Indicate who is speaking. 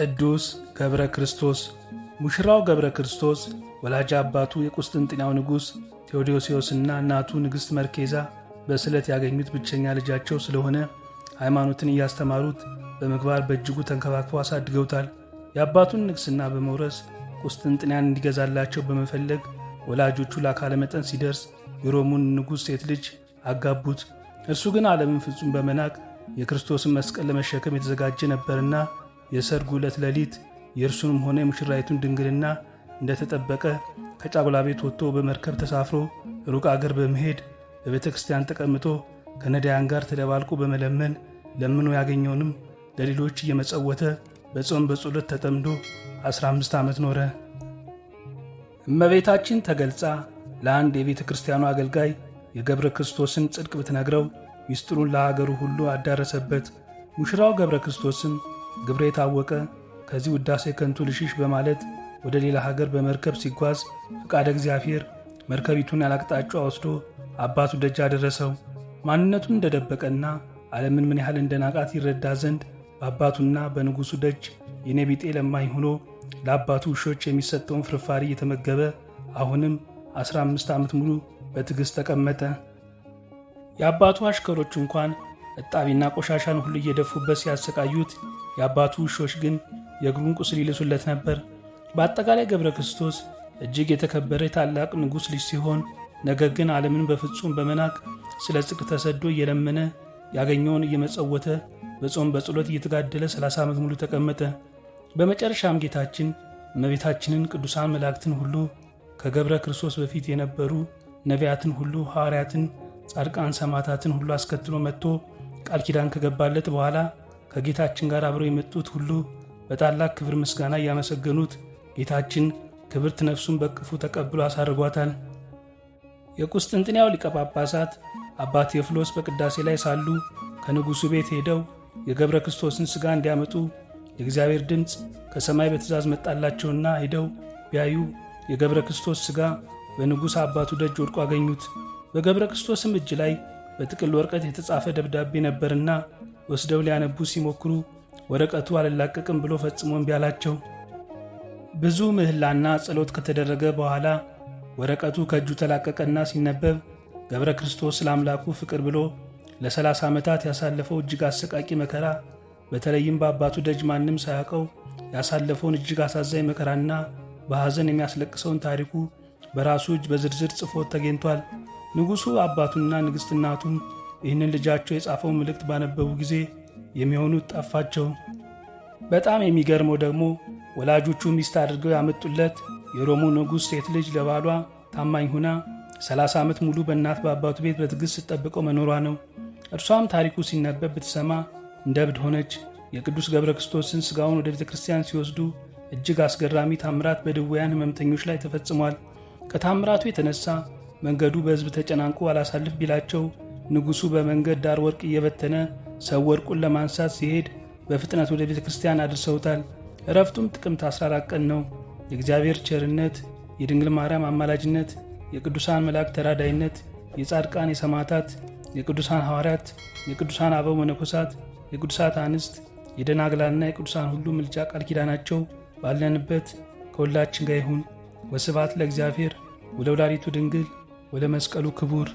Speaker 1: ቅዱስ ገብረ ክርስቶስ ሙሽራው ገብረ ክርስቶስ ወላጅ አባቱ የቁስጥንጥናው ንጉሥ ቴዎዶሲዮስና እናቱ ንግሥት መርኬዛ በስለት ያገኙት ብቸኛ ልጃቸው ስለሆነ ሃይማኖትን እያስተማሩት በምግባር በእጅጉ ተንከባክበው አሳድገውታል። የአባቱን ንግሥና በመውረስ ቁስጥንጥንያን እንዲገዛላቸው በመፈለግ ወላጆቹ ለአካለ መጠን ሲደርስ የሮሙን ንጉሥ ሴት ልጅ አጋቡት። እርሱ ግን ዓለምን ፍጹም በመናቅ የክርስቶስን መስቀል ለመሸከም የተዘጋጀ ነበርና የሰርጉ ዕለት ሌሊት የእርሱንም ሆነ የሙሽራይቱን ድንግልና እንደተጠበቀ ከጫጉላ ቤት ወጥቶ በመርከብ ተሳፍሮ ሩቅ አገር በመሄድ በቤተ ክርስቲያን ተቀምጦ ከነዳያን ጋር ተደባልቆ በመለመን ለምኖ ያገኘውንም ለሌሎች እየመጸወተ በጾም በጸሎት ተጠምዶ 15 ዓመት ኖረ። እመቤታችን ተገልጻ ለአንድ የቤተ ክርስቲያኑ አገልጋይ የገብረ ክርስቶስን ጽድቅ ብትነግረው ሚስጥሩን ለአገሩ ሁሉ አዳረሰበት። ሙሽራው ገብረ ክርስቶስም ግብረ የታወቀ ከዚህ ውዳሴ ከንቱ ልሽሽ በማለት ወደ ሌላ ሀገር በመርከብ ሲጓዝ ፍቃደ እግዚአብሔር መርከቢቱን ያላቅጣጫ ወስዶ አባቱ ደጅ አደረሰው። ማንነቱን እንደደበቀና ዓለምን ምን ያህል እንደናቃት ይረዳ ዘንድ በአባቱና በንጉሡ ደጅ የኔቢጤ ለማኝ ሆኖ ለአባቱ ውሾች የሚሰጠውን ፍርፋሪ እየተመገበ አሁንም 15 ዓመት ሙሉ በትዕግሥት ተቀመጠ። የአባቱ አሽከሮች እንኳን እጣቢና ቆሻሻን ሁሉ እየደፉበት ሲያሰቃዩት የአባቱ ውሾች ግን የእግሩን ቁስል ይልሱለት ነበር። በአጠቃላይ ገብረ ክርስቶስ እጅግ የተከበረ የታላቅ ንጉሥ ልጅ ሲሆን ነገር ግን ዓለምን በፍጹም በመናቅ ስለ ጽድቅ ተሰዶ እየለመነ ያገኘውን እየመጸወተ በጾም በጸሎት እየተጋደለ 30 ዓመት ሙሉ ተቀመጠ። በመጨረሻም ጌታችን እመቤታችንን፣ ቅዱሳን መላእክትን ሁሉ ከገብረ ክርስቶስ በፊት የነበሩ ነቢያትን ሁሉ ሐዋርያትን፣ ጻድቃን፣ ሰማዕታትን ሁሉ አስከትሎ መጥቶ ቃል ኪዳን ከገባለት በኋላ ከጌታችን ጋር አብረው የመጡት ሁሉ በታላቅ ክብር ምስጋና እያመሰገኑት ጌታችን ክብርት ነፍሱን በቅፉ ተቀብሎ አሳርጓታል። የቁስጥንጥንያው ሊቀ ጳጳሳት አባ ቴዎፍሎስ በቅዳሴ ላይ ሳሉ ከንጉሡ ቤት ሄደው የገብረ ክርስቶስን ሥጋ እንዲያመጡ የእግዚአብሔር ድምፅ ከሰማይ በትእዛዝ መጣላቸውና ሄደው ቢያዩ የገብረ ክርስቶስ ሥጋ በንጉሥ አባቱ ደጅ ወድቆ አገኙት። በገብረ ክርስቶስም እጅ ላይ በጥቅል ወረቀት የተጻፈ ደብዳቤ ነበርና ወስደው ሊያነቡ ሲሞክሩ ወረቀቱ አልላቀቅም ብሎ ፈጽሞ እምቢ አላቸው። ብዙ ምህላና ጸሎት ከተደረገ በኋላ ወረቀቱ ከእጁ ተላቀቀና ሲነበብ ገብረ ክርስቶስ ለአምላኩ ፍቅር ብሎ ለ30 ዓመታት ያሳለፈው እጅግ አሰቃቂ መከራ በተለይም በአባቱ ደጅ ማንም ሳያውቀው ያሳለፈውን እጅግ አሳዛኝ መከራና በሐዘን የሚያስለቅሰውን ታሪኩ በራሱ እጅ በዝርዝር ጽፎት ተገኝቷል። ንጉሡ አባቱና ንግሥት እናቱም ይህንን ልጃቸው የጻፈው መልእክት ባነበቡ ጊዜ የሚሆኑት ጠፋቸው። በጣም የሚገርመው ደግሞ ወላጆቹ ሚስት አድርገው ያመጡለት የሮሙ ንጉሥ ሴት ልጅ ለባሏ ታማኝ ሁና 30 ዓመት ሙሉ በእናት በአባቱ ቤት በትዕግሥት ስትጠብቀው መኖሯ ነው። እርሷም ታሪኩ ሲነበብ ብትሰማ እንደ እብድ ሆነች። የቅዱስ ገብረ ክርስቶስን ሥጋውን ወደ ቤተ ክርስቲያን ሲወስዱ እጅግ አስገራሚ ታምራት በድውያን ሕመምተኞች ላይ ተፈጽሟል። ከታምራቱ የተነሳ መንገዱ በሕዝብ ተጨናንቆ አላሳልፍ ቢላቸው ንጉሡ በመንገድ ዳር ወርቅ እየበተነ ሰው ወርቁን ለማንሳት ሲሄድ በፍጥነት ወደ ቤተ ክርስቲያን አድርሰውታል። እረፍቱም ጥቅምት 14 ቀን ነው። የእግዚአብሔር ቸርነት፣ የድንግል ማርያም አማላጅነት፣ የቅዱሳን መላእክት ተራዳይነት፣ የጻድቃን የሰማዕታት፣ የቅዱሳን ሐዋርያት፣ የቅዱሳን አበው መነኮሳት፣ የቅዱሳት አንስት፣ የደናግላና የቅዱሳን ሁሉ ምልጃ ቃል ኪዳናቸው ባለንበት ከሁላችን ጋር ይሁን። ወስብሐት ለእግዚአብሔር ወለወላዲቱ ድንግል ወለመስቀሉ ክቡር